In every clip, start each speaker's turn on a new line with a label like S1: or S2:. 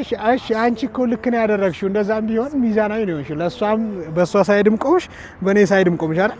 S1: እሺ እሺ፣ አንቺ እኮ ልክ ነው ያደረግሽው። እንደዛም ቢሆን ሚዛናዊ ነው የሆንሽው። ለእሷም በእሷ ሳይድም ቆምሽ፣ በእኔ ሳይድም ቆምሽ አይደል?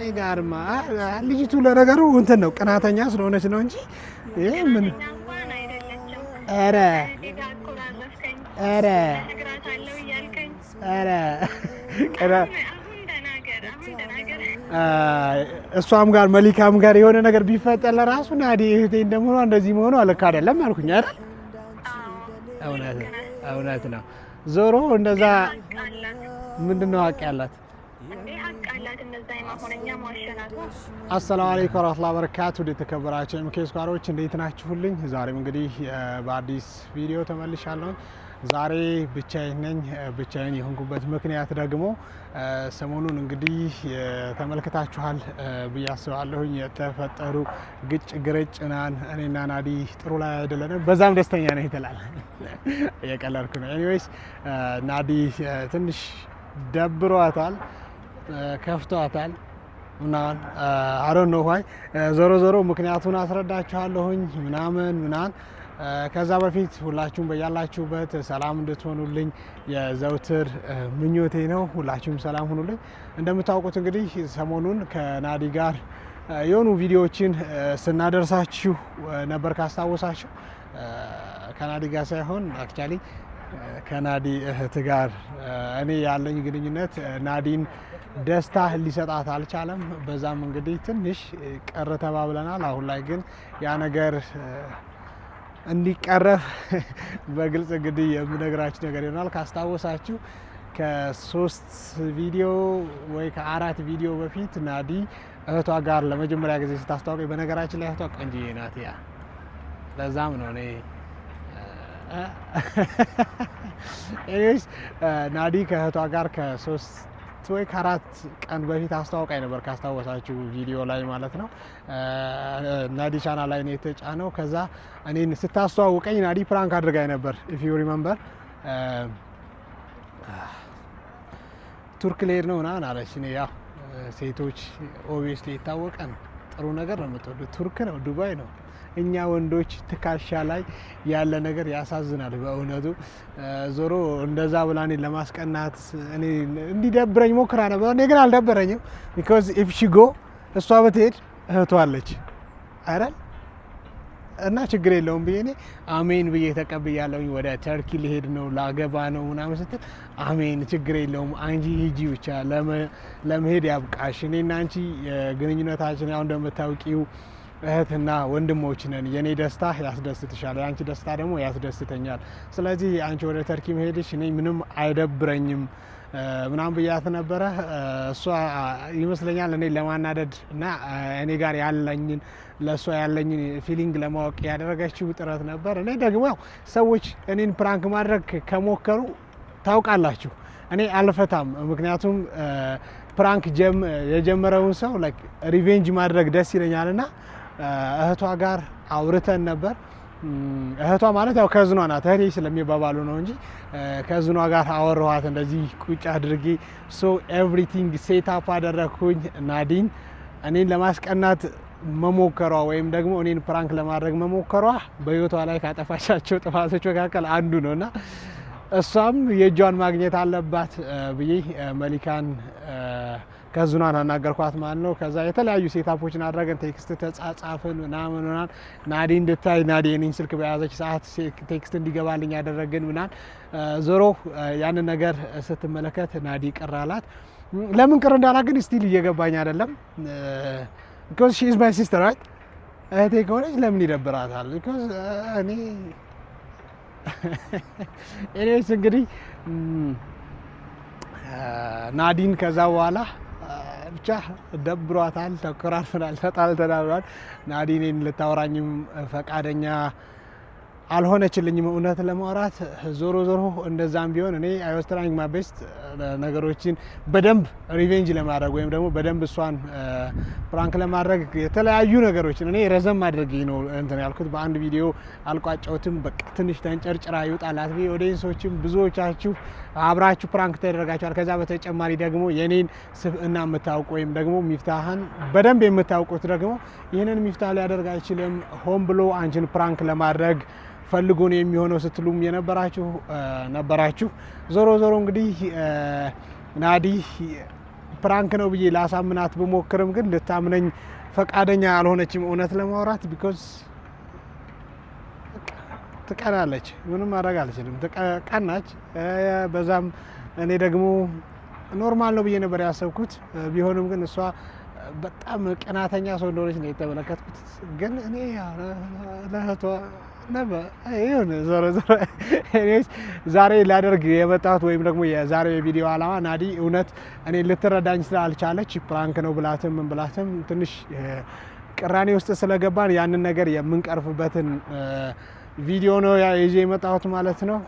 S1: እኔ ጋርማ ልጅቱ ለነገሩ እንትን ነው ቅናተኛ ስለሆነች ነው እንጂ ይሄ ምን ኧረ ኧረ ኧረ እሷም ጋር መሊካም ጋር የሆነ ነገር ቢፈጠር ለራሱ ናዲ እህቴ እንደመሆኗ እንደዚህ መሆኗ ልክ አይደለም አልኩኝ አይደል? እውነት ነው። ዞሮ እንደዛ ምንድን ነው ሀቅ ያላት አሰላሙ አለይኩም ወራህመቱላሂ ወበረካቱ። የተከበራችሁ የምኬ ስኳሮች እንዴት ናችሁልኝ? ዛሬም እንግዲህ በአዲስ ቪዲዮ ተመልሻለሁ። ዛሬ ብቻዬን ነኝ። ብቻዬን የሆንኩበት ምክንያት ደግሞ ሰሞኑን እንግዲህ ተመልክታችኋል ብዬ አስባለሁኝ የተፈጠሩ ግጭ ግርጭናን እኔና ናዲ ጥሩ ላይ አይደለንም። በዛም ደስተኛ ነኝ ትላል። እየቀለድኩ ነው። ኤኒዌይስ ናዲ ትንሽ ደብሯታል፣ ከፍቷታል ምናምን አሮን ነው ሆይ ዞሮ ዞሮ ምክንያቱን አስረዳችኋለሁኝ ምናምን ምናምን ከዛ በፊት ሁላችሁም በያላችሁበት ሰላም እንድትሆኑልኝ የዘውትር ምኞቴ ነው። ሁላችሁም ሰላም ሁኑልኝ። እንደምታውቁት እንግዲህ ሰሞኑን ከናዲ ጋር የሆኑ ቪዲዮዎችን ስናደርሳችሁ ነበር። ካስታወሳችሁ ከናዲ ጋር ሳይሆን አክቹዋሊ ከናዲ እህት ጋር እኔ ያለኝ ግንኙነት ናዲን ደስታ ሊሰጣት አልቻለም። በዛም እንግዲህ ትንሽ ቅር ተባብለናል። አሁን ላይ ግን ያ ነገር እንዲቀረፍ በግልጽ እንግዲህ የምነግራችሁ ነገር ይሆናል። ካስታወሳችሁ ከሶስት ቪዲዮ ወይ ከአራት ቪዲዮ በፊት ናዲ እህቷ ጋር ለመጀመሪያ ጊዜ ስታስተዋወቀኝ፣ በነገራችን ላይ እህቷ ቆንጅዬ ናት። ያ ለዛም ነው እኔ ናዲ ከእህቷ ጋር ከሶስት ከሁለት ወይ ከአራት ቀን በፊት አስተዋውቃኝ ነበር ካስታወሳችሁ ቪዲዮ ላይ ማለት ነው። ናዲ ቻና ላይ ነው የተጫነው። ከዛ እኔን ስታስተዋውቀኝ ናዲ ፕራንክ አድርጋኝ ነበር ኢፍ ዩ ሪመምበር ቱርክ ልሄድ ነው ምናምን አለች። ያው ሴቶች ኦብቪየስሊ የታወቀ ነው ጥሩ ነገር ነው የምትወዱት። ቱርክ ነው፣ ዱባይ ነው። እኛ ወንዶች ትካሻ ላይ ያለ ነገር ያሳዝናል በእውነቱ። ዞሮ እንደዛ ብላ ለማስቀናት እንዲደብረኝ ሞክራ ነበር። እኔ ግን አልደበረኝም። ቢኮዝ ኢፍ ሺ ጎ እሷ ብትሄድ እህቷለች አይደል እና ችግር የለውም ብዬ እኔ አሜን ብዬ ተቀብያለሁኝ። ወደ ተርኪ ሊሄድ ነው ላገባ ነው ምናምን ስትል አሜን፣ ችግር የለውም አንቺ ሂጂ ብቻ ለመሄድ ያብቃሽ። እኔና አንቺ ግንኙነታችን ያው እንደምታውቂው እህትና ወንድሞች ነን። የኔ ደስታ ያስደስትሻል፣ የአንቺ ደስታ ደግሞ ያስደስተኛል። ስለዚህ አንቺ ወደ ተርኪ መሄድሽ እኔ ምንም አይደብረኝም ምናምን ብያት ነበረ። እሷ ይመስለኛል እኔ ለማናደድ እና እኔ ጋር ያለኝን ለእሷ ያለኝን ፊሊንግ ለማወቅ ያደረገችው ጥረት ነበር። እኔ ደግሞ ያው ሰዎች እኔን ፕራንክ ማድረግ ከሞከሩ ታውቃላችሁ፣ እኔ አልፈታም። ምክንያቱም ፕራንክ የጀመረውን ሰው ሪቬንጅ ማድረግ ደስ ይለኛል እና እህቷ ጋር አውርተን ነበር እህቷ ማለት ያው ከዝኗ ናት። እህቴ ስለሚባባሉ ነው እንጂ ከዝኗ ጋር አወራኋት እንደዚህ ቁጭ አድርጌ። ሶ ኤቭሪቲንግ ሴት አፕ አደረግኩኝ። ናዲን እኔን ለማስቀናት መሞከሯ ወይም ደግሞ እኔን ፕራንክ ለማድረግ መሞከሯ በህይወቷ ላይ ካጠፋቻቸው ጥፋቶች መካከል አንዱ ነው እና እሷም የእጇን ማግኘት አለባት ብዬ መሊካን ከዙናን አናገርኳት ማለት ነው። ከዛ የተለያዩ ሴታፖችን አድረገን ቴክስት ተጻጻፍን ምናምን ምናምን ናዲ እንድታይ ናዲ የኔን ስልክ በያዘች ሰዓት ቴክስት እንዲገባልኝ ያደረግን ምናን ዞሮ ያንን ነገር ስትመለከት ናዲ ቅር አላት። ለምን ቅር እንዳላት ግን ስቲል እየገባኝ አይደለም። ቢኮዝ ሺ ኢዝ ማይ ሲስተር ራይት እህቴ ከሆነች ለምን ይደብራታል? ቢኮዝ እኔ ኤኒዌይስ እንግዲህ ናዲን ከዛ በኋላ ብቻ ደብሯታል፣ ተኮራርፈናል፣ ተጣልተናል ብሏል። ናዲ እኔን ልታወራኝም ፈቃደኛ አልሆነችልኝም እውነት ለማውራት። ዞሮ ዞሮ እንደዛም ቢሆን እኔ አይወስትራኒክ ማቤስት ነገሮችን በደንብ ሪቬንጅ ለማድረግ ወይም ደግሞ በደንብ እሷን ፕራንክ ለማድረግ የተለያዩ ነገሮችን እኔ ረዘም ማድረግ ነው እንትን ያልኩት። በአንድ ቪዲዮ አልቋጫውትም። በቃ ትንሽ ተንጨርጭራ ይውጣላት። ኦዲየንሶችም ብዙዎቻችሁ አብራችሁ ፕራንክ ተደረጋችኋል። ከዛ በተጨማሪ ደግሞ የኔን ስብእና የምታውቁ ወይም ደግሞ ሚፍታህን በደንብ የምታውቁት ደግሞ ይህንን ሚፍታህ ሊያደርግ አይችልም ሆን ብሎ አንቺን ፕራንክ ለማድረግ ፈልጎን የሚሆነው ስትሉም የነበራችሁ ነበራችሁ። ዞሮ ዞሮ እንግዲህ ናዲ ፕራንክ ነው ብዬ ላሳምናት ብሞክርም ግን ልታምነኝ ፈቃደኛ አልሆነችም እውነት ለማውራት ቢኮዝ ትቀናለች። ምንም ማድረግ አልችልም። ቀናች። በዛም እኔ ደግሞ ኖርማል ነው ብዬ ነበር ያሰብኩት። ቢሆንም ግን እሷ በጣም ቀናተኛ ሰው እንደሆነች ነው የተመለከትኩት። ግን እኔ ለእህቷ ዞሮ ዞሮ ዛሬ ላደርግ የመጣሁት ወይም ደግሞ የዛሬ የቪዲዮ አላማ ናዲ እውነት እኔ ልትረዳኝ ስላልቻለች ፕራንክ ነው ብላትም ምን ብላትም ትንሽ ቅራኔ ውስጥ ስለገባን ያንን ነገር የምንቀርፍበትን ቪዲዮ ነው ይዤ የመጣሁት ማለት ነው።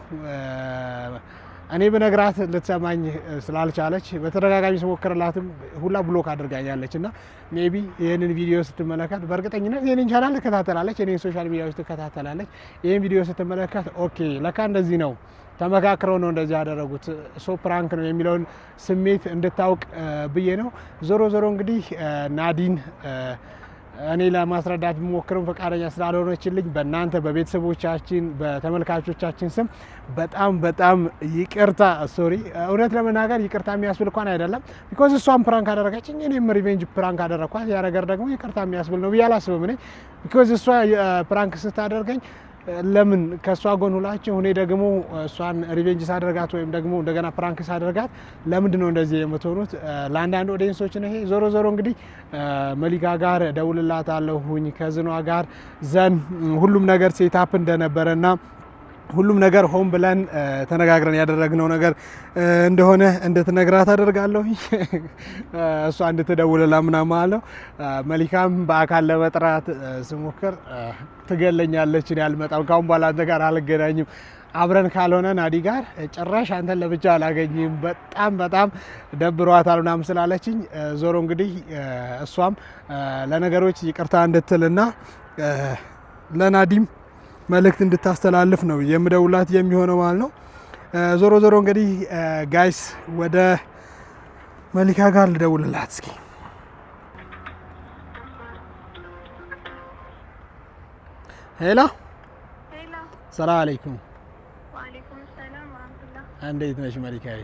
S1: እኔ ብነግራት ልትሰማኝ ስላልቻለች በተደጋጋሚ ስሞክርላትም ሁላ ብሎክ አድርጋኛለች እና ሜቢ ይህንን ቪዲዮ ስትመለከት በእርግጠኝነት ይህንን ቻናል ትከታተላለች፣ የኔን ሶሻል ሚዲያዎች ትከታተላለች። ይህን ቪዲዮ ስትመለከት ኦኬ ለካ እንደዚህ ነው ተመካክረው ነው እንደዚህ ያደረጉት ሶ ፕራንክ ነው የሚለውን ስሜት እንድታውቅ ብዬ ነው። ዞሮ ዞሮ እንግዲህ ናዲን እኔ ለማስረዳት ብሞክርም ፈቃደኛ ስላልሆነችልኝ በእናንተ በቤተሰቦቻችን በተመልካቾቻችን ስም በጣም በጣም ይቅርታ። ሶሪ እውነት ለመናገር ይቅርታ የሚያስብል እንኳን አይደለም። ቢኮዝ እሷን ፕራንክ አደረገች እኔም ሪቬንጅ ፕራንክ አደረግኳት። ያ ነገር ደግሞ ይቅርታ የሚያስብል ነው ብዬ አላስብም እኔ ቢኮዝ እሷ ፕራንክ ስታደርገኝ ለምን ከእሷ ጎን ሁላችን እኔ ደግሞ እሷን ሪቬንጅ ሳደርጋት ወይም ደግሞ እንደገና ፕራንክ ሳደርጋት ለምንድን ነው እንደዚህ የምትሆኑት? ለአንዳንድ ኦዲየንሶች ነው ይሄ። ዞሮ ዞሮ እንግዲህ መሊጋ ጋር ደውልላት አለሁኝ ከዝኗ ጋር ዘን ሁሉም ነገር ሴታፕ ና። ሁሉም ነገር ሆን ብለን ተነጋግረን ያደረግነው ነገር እንደሆነ እንድትነግራት አደርጋለሁ። እሷ እንድትደውልላ ምናምን አለው። መሊካም በአካል ለመጥራት ስሞክር ትገለኛለች፣ ያልመጣም ካሁን በኋላ አንተ ጋር አልገናኝም አብረን ካልሆነ ናዲ ጋር ጭራሽ አንተን ለብቻ አላገኝም፣ በጣም በጣም ደብሯታል ምናምን ስላለችኝ ዞሮ እንግዲህ እሷም ለነገሮች ይቅርታ እንድትልና ለናዲም መልእክት እንድታስተላልፍ ነው የምደውላት የሚሆነው ማለት ነው። ዞሮ ዞሮ እንግዲህ ጋይስ ወደ መሊካ ጋር ልደውልላት እስኪ። ሄላ ሰላም አለይኩም። እንዴት ነሽ መሊካዬ?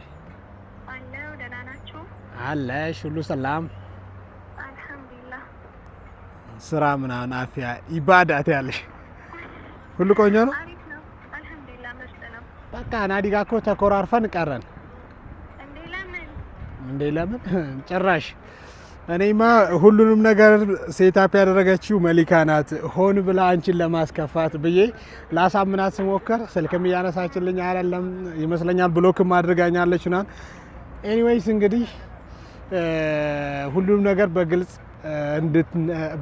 S1: አለሽ ሁሉ ሰላም ስራ ምናምን አፍያ ይባዳት ያለሽ ሁሉ ቆንጆ ነው። በቃ ናዲጋ እኮ ተኮራርፈን ቀረን እንዴ? ለምን ጭራሽ እኔማ ሁሉንም ነገር ሴታፕ ያደረገችው መሊካ ናት። ሆን ብላ አንቺን ለማስከፋት ብዬ ላሳምናት ስሞክር ስልክም እያነሳችልኝ አላለም ይመስለኛል፣ ብሎክም አድርጋኛለች ናን። ኤኒዌይስ እንግዲህ ሁሉንም ነገር በግልጽ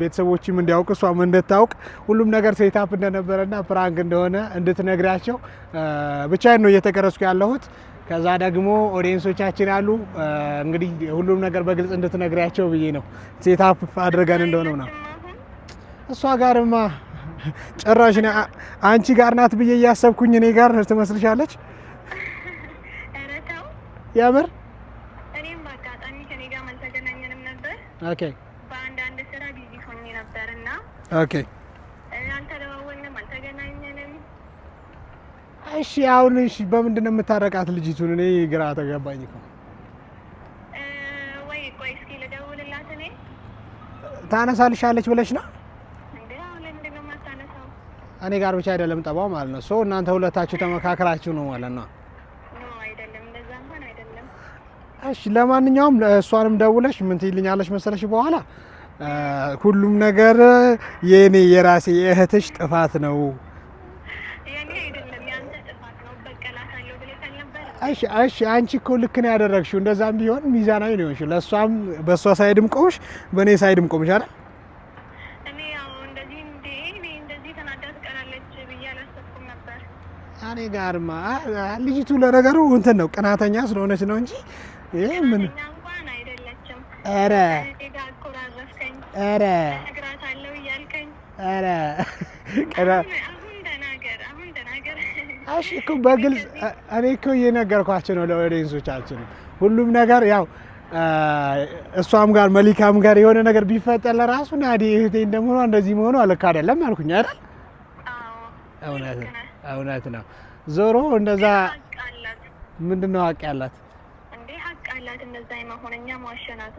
S1: ቤተሰቦችም እንዲያውቅ እሷም እንድታውቅ ሁሉም ነገር ሴታፕ እንደነበረና ፕራንክ እንደሆነ እንድትነግራቸው ብቻዬን ነው እየተቀረጽኩ ያለሁት። ከዛ ደግሞ ኦዲየንሶቻችን አሉ እንግዲህ ሁሉም ነገር በግልጽ እንድትነግሪያቸው ብዬ ነው። ሴታፕ አድርገን እንደሆነ ነው እሷ ጋርማ ጨራሽ አንቺ ጋር ናት ብዬ እያሰብኩኝ እኔ ጋር ትመስልሻለች። የምር ኦኬ እና ኦኬ እሺ አሁን እሺ፣ በምንድን ነው የምታረቃት ልጅቱን? እኔ ግራ ተገባኝ እኮ።
S2: ወይ ቆይ እስኪ ልደውልላት። እኔ
S1: ታነሳልሻለች ብለሽ ነው? እኔ ጋር ብቻ አይደለም ጠባው ማለት ነው። ሶ እናንተ ሁለታችሁ ተመካከራችሁ ነው ማለት ነው? እሺ ለማንኛውም እሷንም ደውለሽ ምን ትይልኛለሽ መሰለሽ በኋላ ሁሉም ነገር የእኔ የራሴ የእህትሽ ጥፋት ነው። እሺ አንቺ እኮ ልክ ነው ያደረግሽው። እንደዛም ቢሆን ሚዛናዊ ነው የሆንሽው። ለእሷም በእሷ ሳይድም ቆምሽ፣ በእኔ ሳይድም ቆምሽ አይደል? እኔ ጋርማ ልጅቱ ለነገሩ እንትን ነው ቅናተኛ ስለሆነች ነው እንጂ ይህ ምን ኧረ ኧረ ኧረ እሺ እኮ በግልጽ እኔ እኮ እየነገርኳቸው ነው ለኦዲየንሶቻችን። ሁሉም ነገር ያው እሷም ጋር መሊካም ጋር የሆነ ነገር ቢፈጠር ለራሱ ናዲ እህቴ እንደመሆኗ እንደዚህ መሆኑ ልክ አይደለም አልኩኝ አይደል? እውነት ነው። ዞሮ እንደዛ ምንድን ነው ሀቅ ያላት
S2: እንዴ ሀቅ አላት። እነዛ የመሆን ማሸናቷ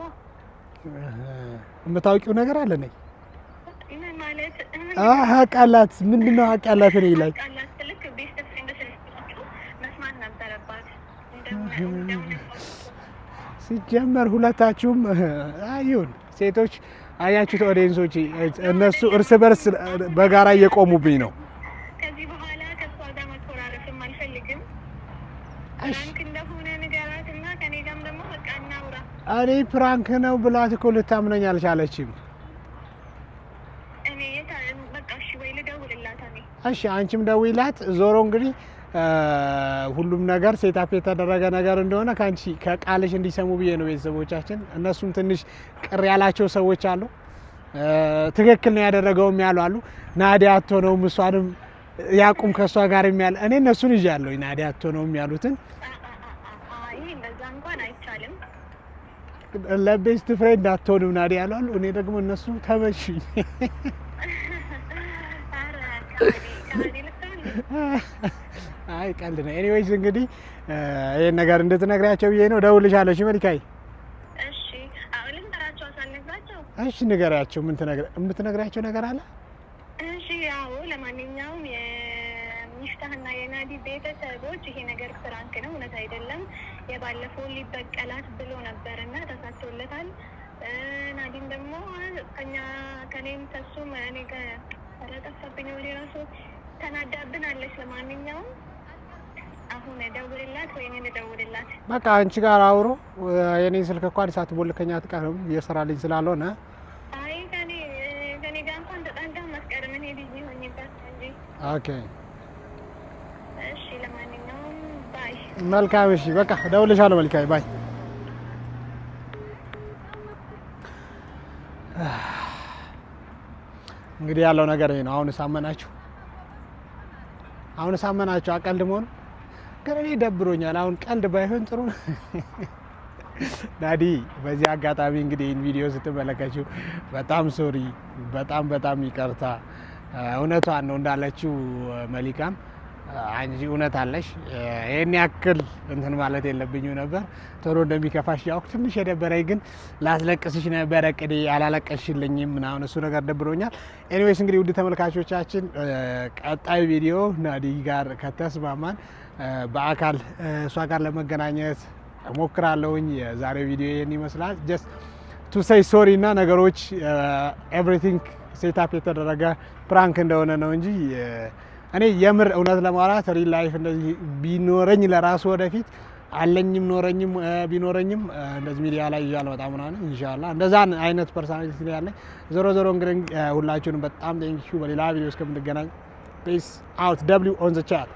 S1: የምታውቂው ነገር አለ ነኝ ቃላት ምንድን ነው? ቃላት ነው ይላል። ሲጀመር ሁለታችሁም አይሁን ሴቶች አያችሁት፣ ኦዲየንሶች እነሱ እርስ በርስ በጋራ እየቆሙብኝ ነው እኔ ፕራንክ ነው ብላት እኮ ልታምነኝ አልቻለችም። እሺ አንቺም ደውላት። ዞሮ እንግዲህ ሁሉም ነገር ሴታፕ የተደረገ ነገር እንደሆነ ከአንቺ ከቃልሽ እንዲሰሙ ብዬ ነው። ቤተሰቦቻችን እነሱም ትንሽ ቅር ያላቸው ሰዎች አሉ። ትክክል ነው ያደረገውም ያሉ አሉ። ናዲያ አቶ አትሆነውም እሷንም ያቁም ከእሷ ጋር ያለ እኔ እነሱን ይዣለሁ። ናዲያ አቶ አትሆነውም ያሉትን ለቤስት ፍሬንድ አትሆንም ናዲ ያሏል። እኔ ደግሞ እነሱ ተመሹኝ። አይ ቀልድ ነው። ኤኒዌይስ እንግዲህ ይህን ነገር እንድትነግሪያቸው ብዬ ነው ደውልሻለሁ። እሺ መሊካዬ፣ እሺ ንገሪያቸው። ምን የምትነግሪያቸው ነገር አለ?
S2: እሺ ያው ለማንኛውም ሚፍታህና የናዲ ቤተሰቦች ይሄ ነገር ፍራንክ ነው፣ እውነት አይደለም፣ የባለፈው ሊበቀላት ብሎ ነበር ወዲህም ደግሞ ከኛ ከኔም ከሱም እኔ ጠፋብኝ ወደ ራሱ ተናዳብን አለች። ለማንኛውም አሁን ደውልላት ወይ እኔ ልደውልላት።
S1: በቃ አንቺ ጋር አውሮ የኔ ስልክ እንኳን ሳትቦልከኝ አትቀርም የስራ ልጅ ስላልሆነ
S2: አይ ከኔ ጋር እንኳን ተጣልተን አትቀርም። እኔ ልጅ ሆኝበት እንጂ ኦኬ እሺ። ለማንኛውም ባይ
S1: መልካም። እሺ በቃ ደውልሻለሁ። መልካም ባይ እንግዲህ ያለው ነገር ይሄ ነው። አሁን ሳመናችሁ አሁን ሳመናችሁ አቀልድ መሆኑ ግን እኔ ደብሮኛል። አሁን ቀልድ ባይሆን ጥሩ ነው። ዳዲ በዚህ አጋጣሚ እንግዲህ ይህን ቪዲዮ ስትመለከችው በጣም ሶሪ፣ በጣም በጣም ይቅርታ። እውነቷን ነው እንዳለችው መሊካም አንጂ እውነት አለሽ፣ ይህን ያክል እንትን ማለት የለብኝም ነበር። ቶሎ እንደሚከፋሽ ያውቅ ትንሽ የደበረኝ ግን ላስለቅስሽ ነበረ ቅድ አላለቀሽልኝም ምናምን እሱ ነገር ደብሮኛል። ኤኒዌይስ እንግዲህ ውድ ተመልካቾቻችን ቀጣይ ቪዲዮ ናዲ ጋር ከተስማማን በአካል እሷ ጋር ለመገናኘት ሞክራለሁኝ። የዛሬው ቪዲዮ ይህን ይመስላል። ጀስት ቱ ሰይ ሶሪ እና ነገሮች ኤቭሪቲንግ ሴታፕ የተደረገ ፕራንክ እንደሆነ ነው እንጂ እኔ የምር እውነት ለማውራት ሪል ላይፍ እንደዚህ ቢኖረኝ ለራሱ ወደፊት አለኝም ኖረኝም ቢኖረኝም እንደዚህ ሚዲያ ላይ ይዣል በጣም ምናምን ኢንሻላህ እንደዛ አይነት ፐርሶናሊቲ ያለ ያለኝ። ዞሮ ዞሮ እንግዲህ ሁላችሁንም በጣም ዩ በሌላ ቪዲዮ እስከምንገናኝ ፔስ አውት ደብሊው ኦን ዘ ቻት